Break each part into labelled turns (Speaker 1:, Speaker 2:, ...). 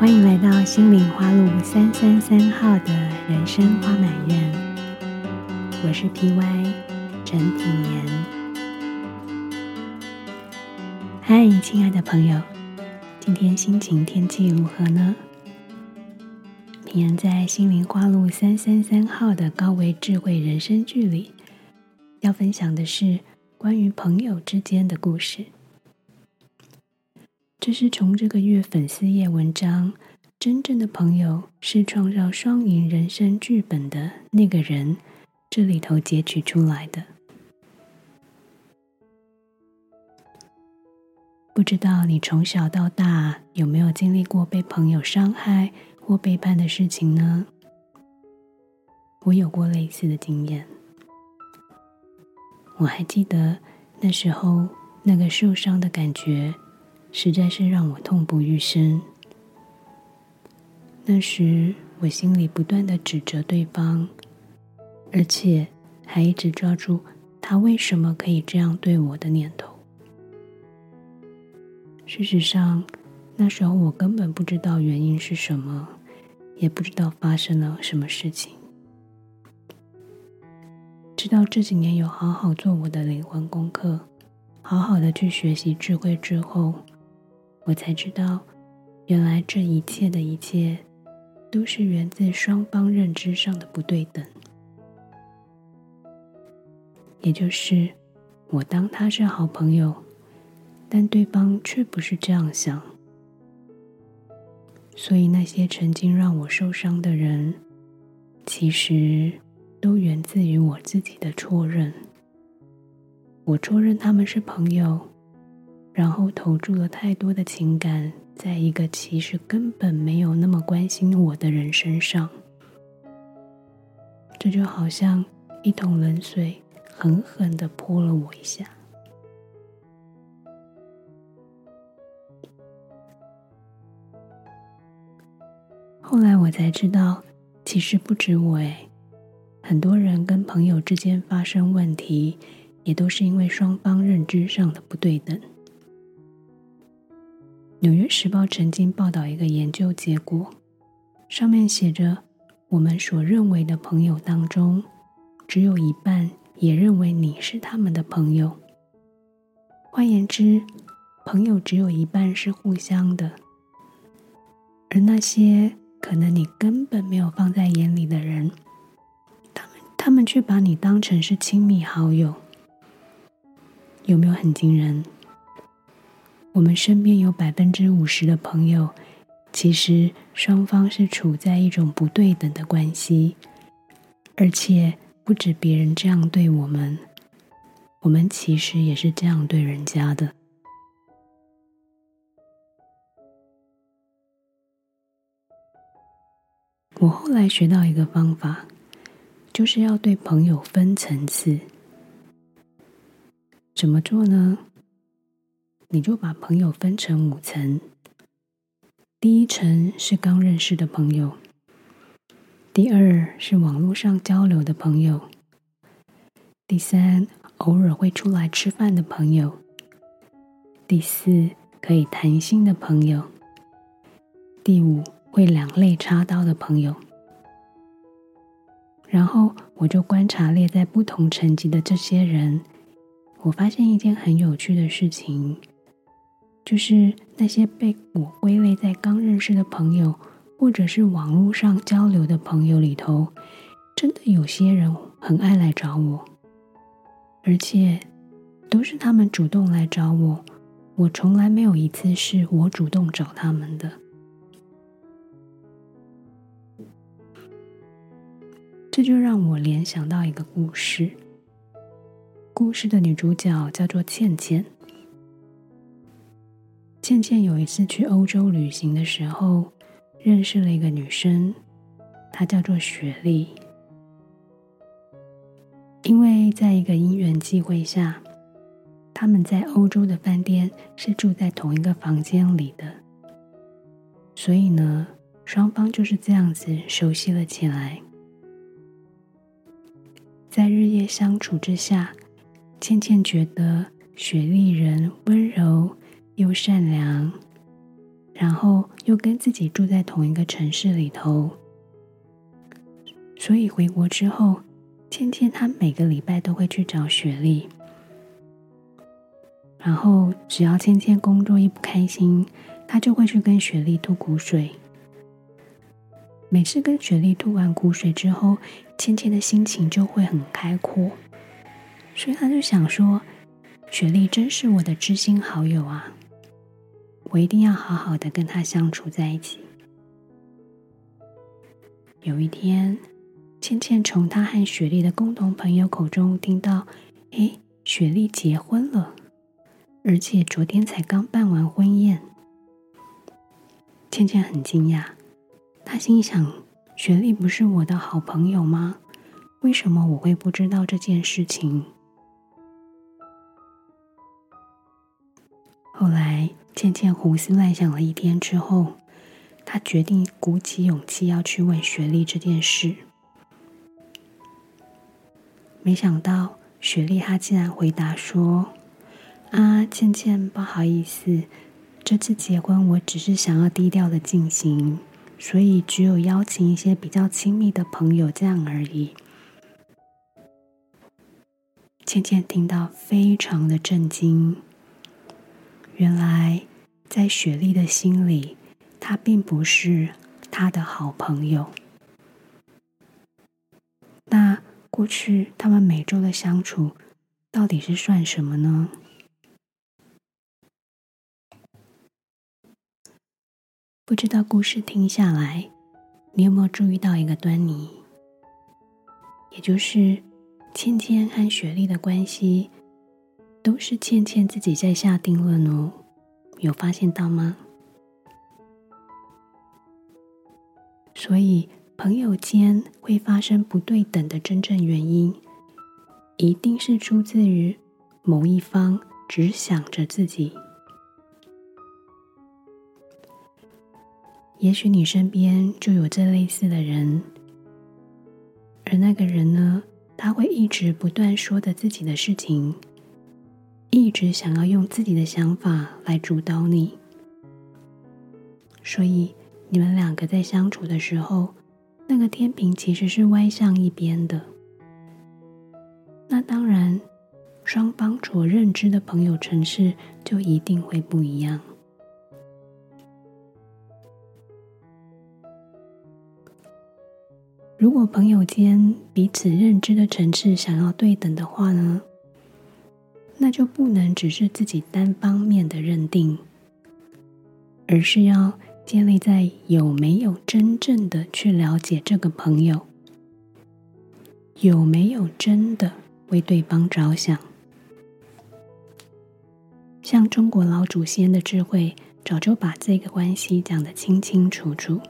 Speaker 1: 歡迎來到心靈花路三三三號的人生花滿院，我是 P.Y. 陳品言。嗨，親愛的朋友，今天心情天氣如何呢？品言在心靈花路三三三號的高維智慧人生劇裡，要分享的是關於朋友之間的故事。這是從這個月粉絲頁文章“真正的朋友是創造雙贏人生劇本的那個人”這裡頭截取出來的。不知道你從小到大有沒有經歷過被朋友傷害或背叛的事情呢？我有過類似的經驗，我還記得那時候那個受傷的感覺。實在是讓我痛不欲生。那時我心裡不斷的指責對方，而且還一直抓住他為什麼可以這樣對我的念頭。事實上，那時候我根本不知道原因是什麼，也不知道發生了什麼事情。直到這幾年有好好做我的靈魂功課，好好的去學習智慧之後。我才知道，原來這一切的一切，都是源自雙方認知上的不對等。也就是，我當他是好朋友，但對方卻不是這樣想。所以那些曾經讓我受傷的人，其實都源自於我自己的錯認。我錯認他們是朋友。然後投注了太多的情感，在一個其實根本沒有那麼關心我的人身上，這就好像一桶冷水狠狠的潑了我一下。後來我才知道，其實不止我哎，很多人跟朋友之間發生問題，也都是因為雙方認知上的不對等。《紐約時報》曾經報道一個研究結果，上面寫着：“我們所認為的朋友當中，只有一半也認為你是他們的朋友。”換言之，朋友只有一半是互相的，而那些可能你根本沒有放在眼裡的人，他們他們卻把你當成是親密好友，有沒有很驚人？我們身邊有百分之五十的朋友，其實雙方是處在一種不對等的關係，而且不止別人這樣對我們，我們其實也是這樣對人家的。我後來學到一個方法，就是要對朋友分層次，怎麼做呢？你就把朋友分成五層：第一層是剛認識的朋友，第二是網絡上交流的朋友，第三偶爾會出來吃飯的朋友，第四可以談心的朋友，第五會兩肋插刀的朋友。然後我就觀察列在不同層級的這些人，我發現一件很有趣的事情。就是那些被我歸類在剛認識的朋友，或者是網絡上交流的朋友裡頭，真的有些人很愛來找我，而且都是他們主動來找我，我從來沒有一次是我主動找他們的。這就讓我聯想到一個故事，故事的女主角叫做倩倩。倩倩有一次去歐洲旅行的時候，認識了一個女生，她叫做雪莉。因為在一個因緣際會下，他們在歐洲的飯店是住在同一個房間裡的，所以呢，雙方就是這樣子熟悉了起來。在日夜相處之下，倩倩覺得雪莉人溫柔。又善良，然後又跟自己住在同一個城市裡頭，所以回國之後，芊芊她每個禮拜都會去找雪莉，然後只要芊芊工作一不開心，她就會去跟雪莉吐苦水。每次跟雪莉吐完苦水之後，芊芊的心情就會很開闊，所以她就想說，雪莉真是我的知心好友啊。我一定要好好的跟他相處在一起。有一天，倩倩從她和雪莉的共同朋友口中聽到：“哎，雪莉結婚了，而且昨天才剛辦完婚宴。”倩倩很驚訝，她心想：“雪莉不是我的好朋友嗎？為什麼我會不知道這件事情？”後來，倩倩胡思亂想了一天之後，她決定鼓起勇氣要去問雪莉這件事。沒想到雪莉她竟然回答說：“啊，倩倩，不好意思，這次結婚我只是想要低調的進行，所以只有邀請一些比較親密的朋友這樣而已。”倩倩聽到，非常的震驚。原來，在雪莉的心裡，他並不是他的好朋友。那過去他們每周的相處，到底是算什麼呢？不知道故事聽下來，你有沒有注意到一個端倪？也就是，芊芊和雪莉的關係。都是倩倩自己在下定論哦，有發現到嗎？所以朋友間會發生不對等的真正原因，一定是出自於某一方只想着自己。也許你身邊就有這類似的人，而那個人呢，他會一直不斷說著自己的事情。一直想要用自己的想法來主導你，所以你們兩個在相處的時候，那個天平其實是歪向一邊的。那當然，雙方所認知的朋友層次就一定會不一樣。如果朋友間彼此認知的層次想要對等的話呢？那就不能只是自己單方面的認定，而是要建立在有沒有真正的去了解這個朋友，有沒有真的為對方着想。像中國老祖先的智慧，早就把這個關係講得清清楚楚。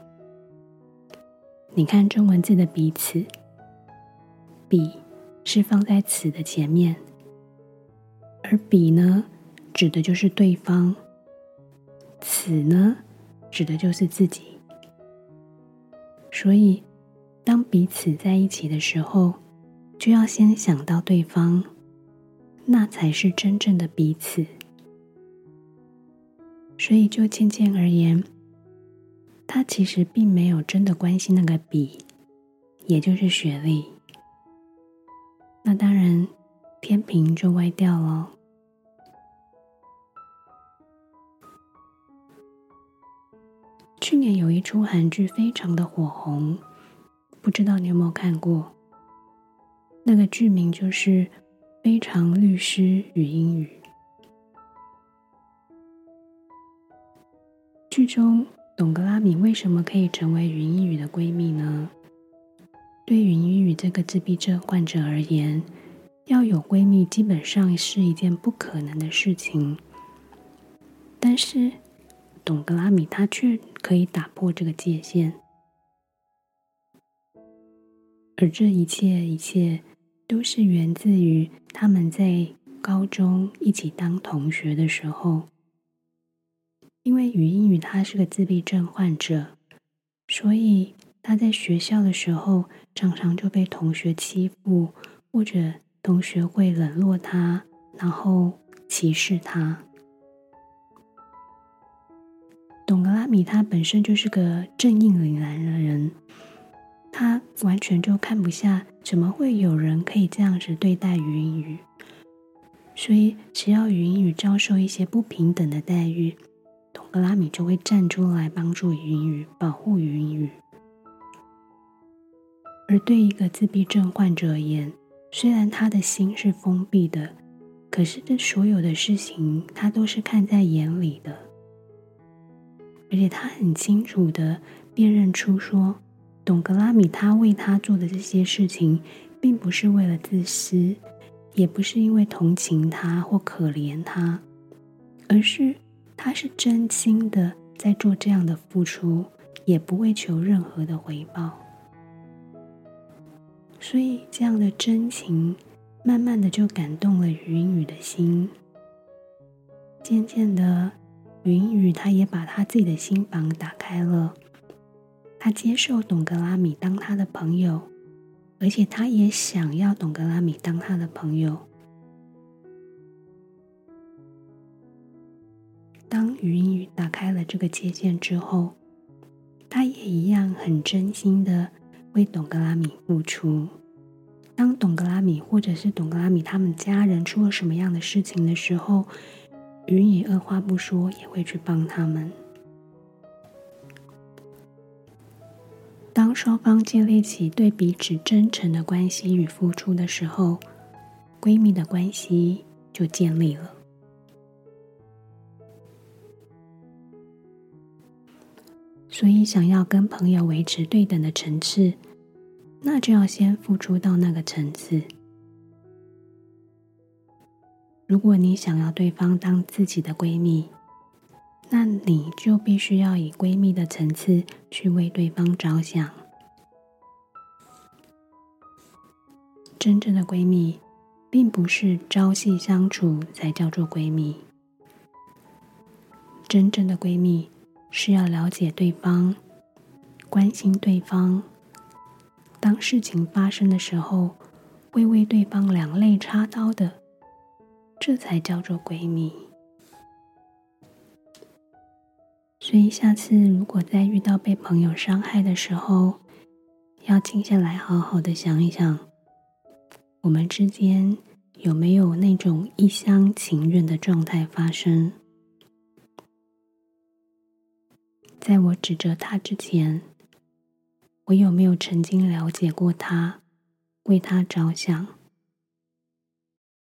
Speaker 1: 你看，中文字的“彼此”，“彼”是放在“此”的前面。而彼呢，指的就是對方；此呢，指的就是自己。所以，當彼此在一起的時候，就要先想到對方，那才是真正的彼此。所以，就芊芊而言，他其實並沒有真的關心那個彼，也就是雪莉。那當然，天平就歪掉了。去年有一齣韓劇非常的火紅，不知道你有沒有看過？那個劇名就是《非常律師禹英禑》。劇中，董格拉米為什麼可以成為禹英禑的閨蜜呢？對於禹英禑這個自閉症患者而言，要有閨蜜基本上是一件不可能的事情，但是。董格拉米他卻可以打破這個界限，而這一切一切都是源自於他們在高中一起當同學的時候，因為禹英禑他是個自閉症患者，所以他在學校的時候常常就被同學欺負，或者同學會冷落他，然後歧視他。董格拉米他本身就是個正義凜然的人，他完全就看不下怎麼會有人可以這樣子對待雲語？所以只要雲語遭受一些不平等的待遇，董格拉米就會站出來幫助雲語，保護雲語。而對一個自閉症患者而言，雖然他的心是封閉的，可是這所有的事情他都是看在眼裡的。而且他很清楚的辨認出說，董格拉米他為他做的這些事情，並不是為了自私，也不是因為同情他或可憐他，而是他是真心的在做這樣的付出，也不會求任何的回報。所以這樣的真情，慢慢的就感動了雲雨的心，漸漸的。雨雲雨，他也把他自己的心房打開了。他接受董格拉米當他的朋友，而且他也想要董格拉米當他的朋友。當雨雲雨打開了這個界限之後，他也一樣很真心的為董格拉米付出。當董格拉米或者是董格拉米他們家人出了什麼樣的事情的時候，雲也二話不說，也會去幫他們。當雙方建立起對彼此真誠的關係與付出的時候，閨蜜的關係就建立了。所以，想要跟朋友維持對等的層次，那就要先付出到那個層次。如果你想要對方當自己的閨蜜，那你就必須要以閨蜜的層次去為對方着想。真正的閨蜜，並不是朝夕相處才叫做閨蜜。真正的閨蜜是要了解對方，關心對方，當事情發生的時候，會為對方兩肋插刀的。這才叫做閨蜜。所以下次如果再遇到被朋友傷害的時候，要靜下來，好好的想一想，我們之間有沒有那種一廂情願的狀態發生？在我指責他之前，我有沒有曾經了解過他，為他着想？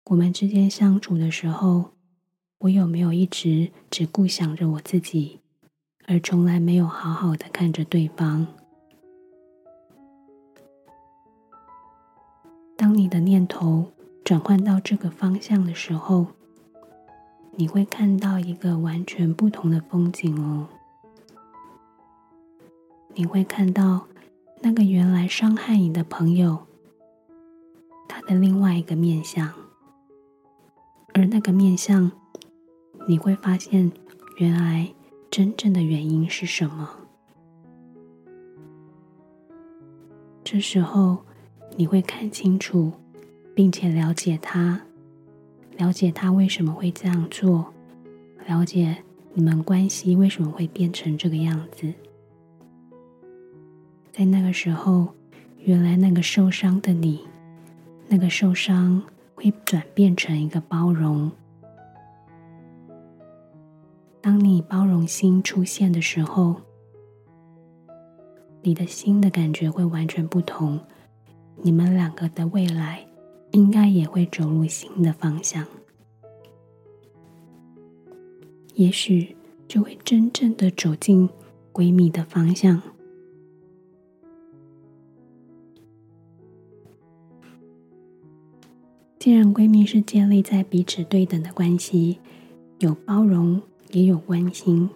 Speaker 1: 我們之間相處的時候，我有沒有一直只顧想着我自己，而從來沒有好好的看着對方？當你的念頭轉換到這個方向的時候，你會看到一個完全不同的風景哦。你會看到那個原來傷害你的朋友，他的另外一個面相。而那個面相，你會發現，原來真正的原因是什麼？這時候你會看清楚，並且了解他，了解他為什麼會這樣做，了解你們關係為什麼會變成這個樣子。在那個時候，原來那個受傷的你，那個受傷。會轉變成一個包容。當你包容心出現的時候，你的心的感覺會完全不同。你們兩個的未來應該也會走入新的方向，也許就會真正的走進閨蜜的方向。既然閨蜜是建立在彼此對等的關係，有包容也有關心，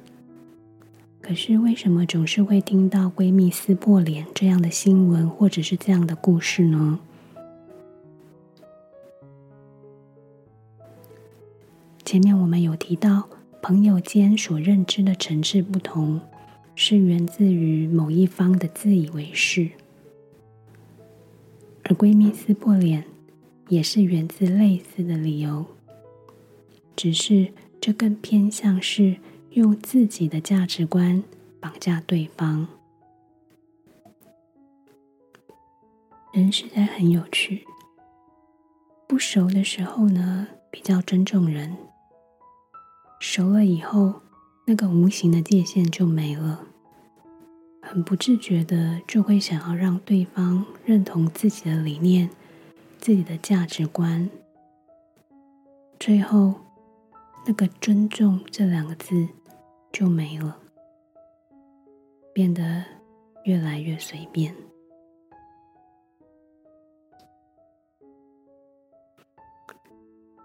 Speaker 1: 可是為什麼總是會聽到閨蜜撕破臉這樣的新聞，或者是這樣的故事呢？前面我們有提到，朋友間所認知的層次不同，是源自於某一方的自以為是。而閨蜜撕破臉。也是源自類似的理由，只是這更偏向是用自己的價值觀綁架對方。人實在很有趣，不熟的時候呢，比較尊重人；熟了以後，那個無形的界限就沒了，很不自覺的就會想要讓對方認同自己的理念。自己的價值觀，最後，那個尊重這兩個字就沒了，變得越來越隨便。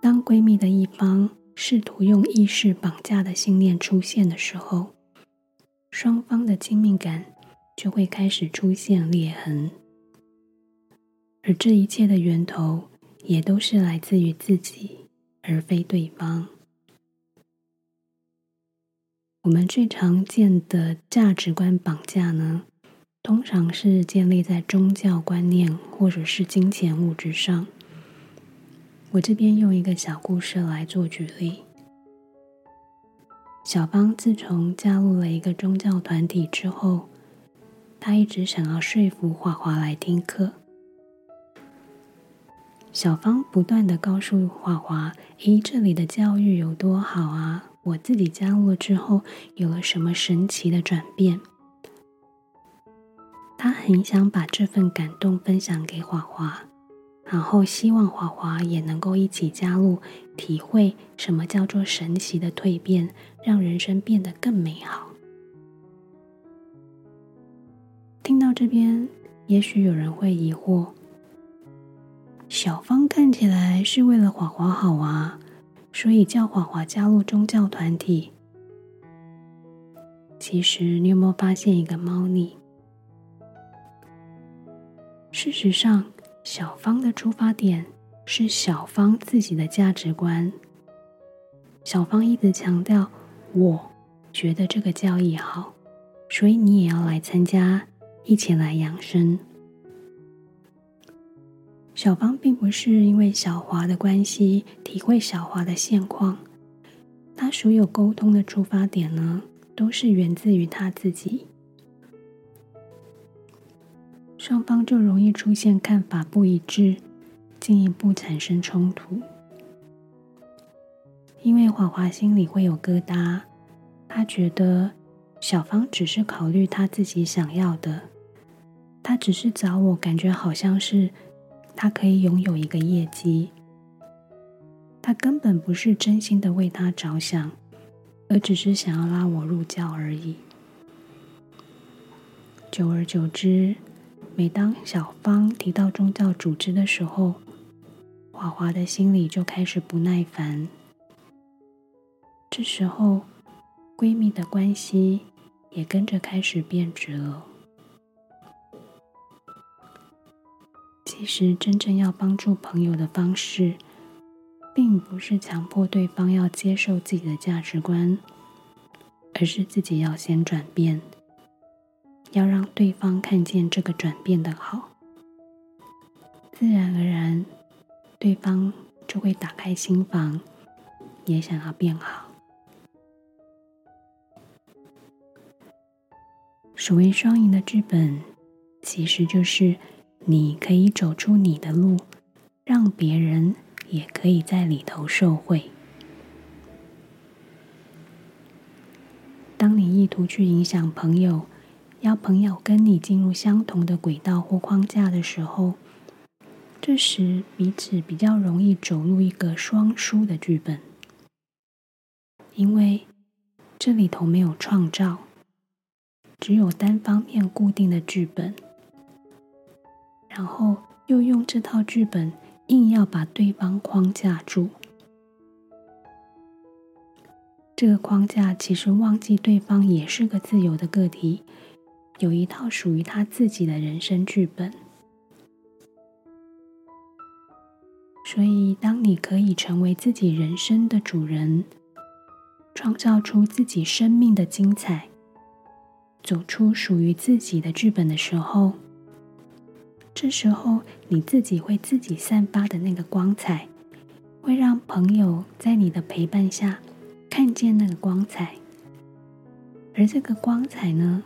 Speaker 1: 當閨蜜的一方試圖用意識綁架的信念出現的時候，雙方的親密感就會開始出現裂痕。而這一切的源頭也都是來自於自己，而非對方。我們最常見的價值觀綁架呢，通常是建立在宗教觀念或者是金錢物質上。我這邊用一個小故事來做舉例：小芳自從加入了一個宗教團體之後，她一直想要說服華華來聽課。小芳不斷地告訴華華：“咦，這裡的教育有多好啊！我自己加入了之後，有了什麼神奇的轉變。”她很想把這份感動分享給華華，然後希望華華也能夠一起加入，體會什麼叫做神奇的蛻變，讓人生變得更美好。聽到這邊，也許有人會疑惑。小芳看起來是為了華華好啊，所以叫華華加入宗教團體。其實你有沒有發現一個貓膩？事實上，小芳的出發點是小芳自己的價值觀。小芳一直強調，我覺得這個教義好，所以你也要來參加，一起來養生。小芳並不是因為小華的關係體會小華的現況，她所有溝通的出發點呢，都是源自於她自己，雙方就容易出現看法不一致，進一步產生衝突。因為華華心裡會有疙瘩，她覺得小芳只是考慮她自己想要的，她只是找我，感覺好像是。他可以擁有一個業績，他根本不是真心的為他着想，而只是想要拉我入教而已。久而久之，每當小芳提到宗教組織的時候，華華的心裡就開始不耐煩。這時候，閨蜜的關係也跟着開始變質了。其實，真正要幫助朋友的方式，並不是強迫對方要接受自己的價值觀，而是自己要先轉變，要讓對方看見這個轉變的好，自然而然，對方就會打開心房，也想要變好。所謂雙贏的劇本，其實就是。你可以走出你的路，讓別人也可以在裡頭受惠。當你意圖去影響朋友，要朋友跟你進入相同的軌道或框架的時候，這時彼此比較容易走入一個雙輸的劇本，因為這裡頭沒有創造，只有單方面固定的劇本。然後又用這套劇本硬要把對方框架住。這個框架其實忘記對方也是個自由的個體，有一套屬於他自己的人生劇本。所以，當你可以成為自己人生的主人，創造出自己生命的精彩，走出屬於自己的劇本的時候。這時候，你自己會自己散發的那個光彩，會讓朋友在你的陪伴下看見那個光彩，而這個光彩呢，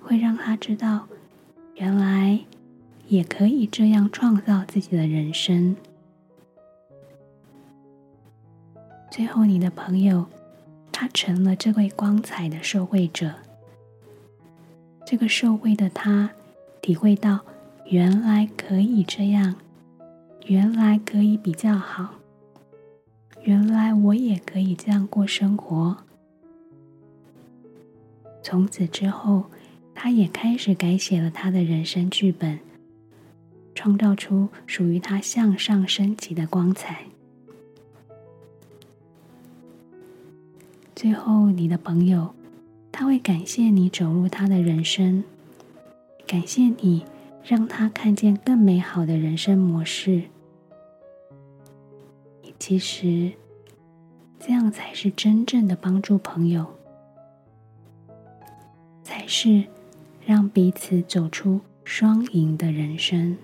Speaker 1: 會讓他知道，原來也可以這樣創造自己的人生。最後，你的朋友，他成了這位光彩的受惠者。這個受惠的他，體會到。原來可以這樣，原來可以比較好，原來我也可以這樣過生活。從此之後，他也開始改寫了他的人生劇本，創造出屬於他向上升級的光彩。最後，你的朋友，他會感謝你走入他的人生，感謝你。讓他看見更美好的人生模式。其實，這樣才是真正的幫助朋友，才是讓彼此走出雙贏的人生。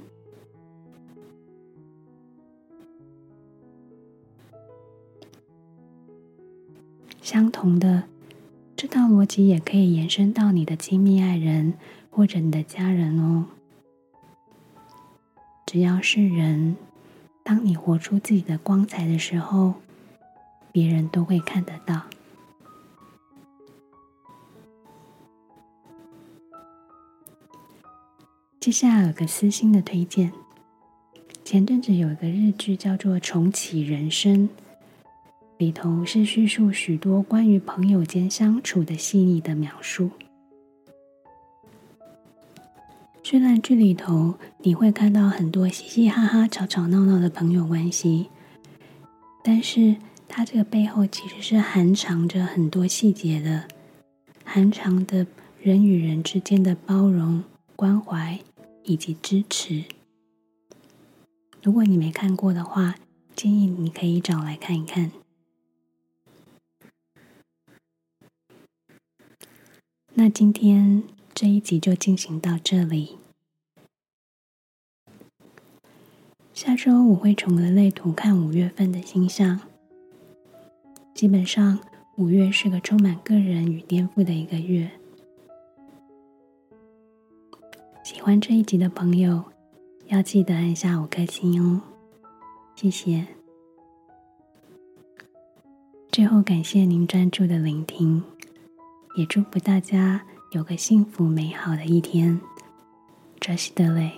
Speaker 1: 相同的，這套邏輯也可以延伸到你的親密愛人或者你的家人哦。只要是人，當你活出自己的光彩的時候，別人都會看得到。接下來有個私心的推薦，前陣子有一個日劇叫做《重啟人生》，裡頭是敘述許多關於朋友間相處的細膩的描述。雖然劇裡頭你會看到很多嘻嘻哈哈、吵吵鬧鬧的朋友關係，但是它這個背後其實是含藏着很多細節的，含藏的人與人之間的包容、關懷以及支持。如果你沒看過的話，建議你可以找來看一看。那今天。這一集就進行到這裡。下周我會從人類圖看五月份的星象。基本上，五月是個充滿個人與顛覆的一個月。喜歡這一集的朋友，要記得按下五顆星哦，謝謝。最後，感謝您專注的聆聽，也祝福大家。有個幸福美好的一天，扎西德勒。